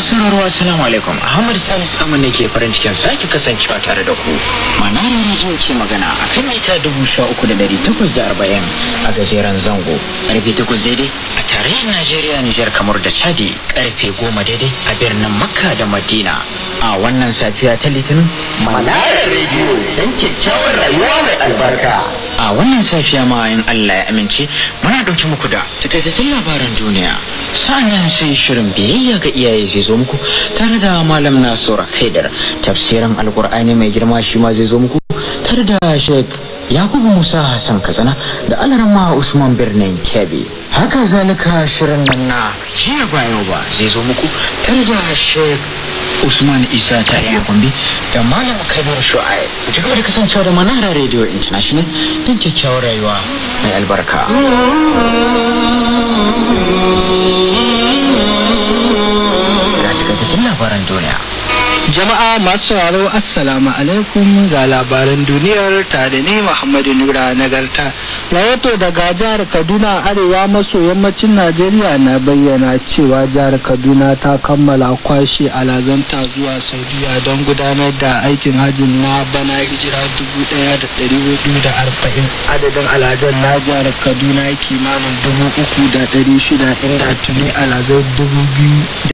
masu rarwa assalamu alaikum ahmad salis aman ne ke farin cikin sake kasancewa tare da ku manara rediyo ke magana a kan mita dubu sha uku da dari takwas da arba'in a gajeren zango karfe takwas daidai a tarayyar najeriya nijar kamar da chadi karfe goma daidai a birnin makka da madina a wannan safiya ta litinin manara rediyo don kyakkyawar rayuwa mai albarka a wannan safiya ma in Allah ya amince muna ɗauki muku da takaitaccen labaran duniya sa'an sai shirin biyayya ga iyaye zai zo muku tare da malam Nasura Haidar tafsirin alkur'ani mai girma shi ma zai zo muku tare da Sheikh yakubu musa hassan katsina da alarma usman birnin kebbi haka zalika shirin nan na jiya ba yau ba zai zo muku tare da shek usman isa ta iya gombe da malam kabir shu'ai ku ci gaba da kasancewa da manara radio international don kyakkyawar rayuwa mai albarka ga cikakken labaran duniya Jama'a masu sauraro Assalamu alaikum ga labaran duniyar tare ne Muhammadu Nura Nagarta. Rahoto daga jihar Kaduna arewa maso yammacin Najeriya na bayyana cewa jihar Kaduna ta kammala kwashe alazanta zuwa Saudiya don gudanar da aikin hajjin na bana hijira dubu ɗaya da ɗari hudu da arba'in. Adadin alazan na jihar Kaduna kimanin dubu uku da ɗari shida inda tuni alazan dubu biyu